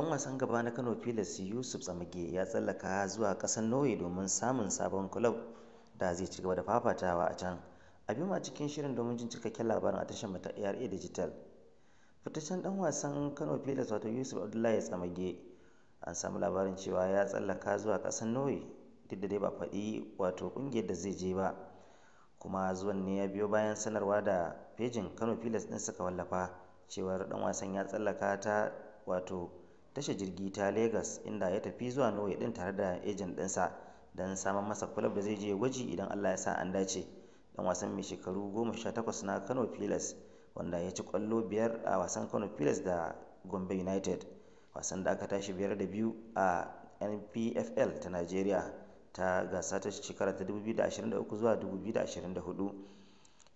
dan wasan gaba na Kano Pilas Yusuf Tsamage ya tsallaka zuwa kasar Norway domin samun sabon kulob da zai ci gaba da fafatawa a can. Abin cikin shirin domin jin cikakken labarin a tashar mata ARA Digital. Fitaccen dan wasan Kano Pilas wato Yusuf Abdullahi Tsamage an samu labarin cewa ya tsallaka zuwa kasar Norway duk da dai ba faɗi wato ƙungiyar da zai je ba. Kuma zuwan ne ya biyo bayan sanarwa da fejin Kano Pilas ɗin suka wallafa cewar dan wasan ya tsallaka ta wato tashar jirgi ta lagos inda ya tafi zuwa Norway din tare da ejen dinsa dan samar masa kulob da zai je gwaji idan Allah ya sa an dace. Ɗan wasan mai shekaru 18 na Kano Pilas, wanda ya ci kwallo biyar a wasan Kano Pilas da Gombe United, wasan da aka tashi biyar da biyu a NPFL ta nigeria ta gasa ta shekara ta 2023 zuwa 2024.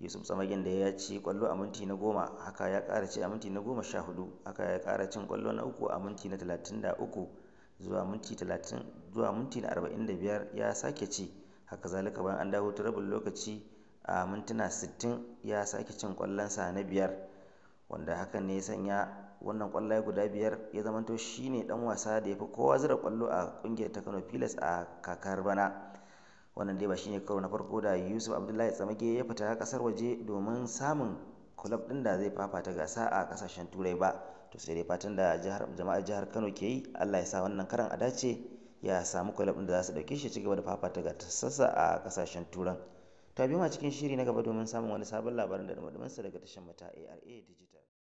yusuf tsamagin da ya ci kwallo a minti na goma haka ya ƙara ci a minti na goma sha hudu haka ya ƙara cin kwallo na uku a minti na talatin da uku zuwa minti talatin zuwa minti na arba'in da biyar ya sake ci haka zalika bayan an dawo turabin lokaci a mintuna sittin ya sake cin kwallonsa na biyar wanda hakan ne ya sanya wannan kwallaye guda biyar ya zamanto shine dan wasa da ya fi kowa zira kwallo a kungiyar ta Kano Pilas a kakar bana wannan dai ba shine karo na farko da Yusuf Abdullahi Tsamage ya fita kasar waje domin samun kulab din da zai fafata gasa a kasashen Turai ba to sai dai fatan da jama'ar jihar Kano ke yi Allah ya sa wannan karan a dace ya samu kulab din da za su dauke shi cigaba da fafata tassasa a kasashen Turan to a cikin shiri na gaba domin samun wani sabon labarin da dumadumansa daga tashar mata ARA Digital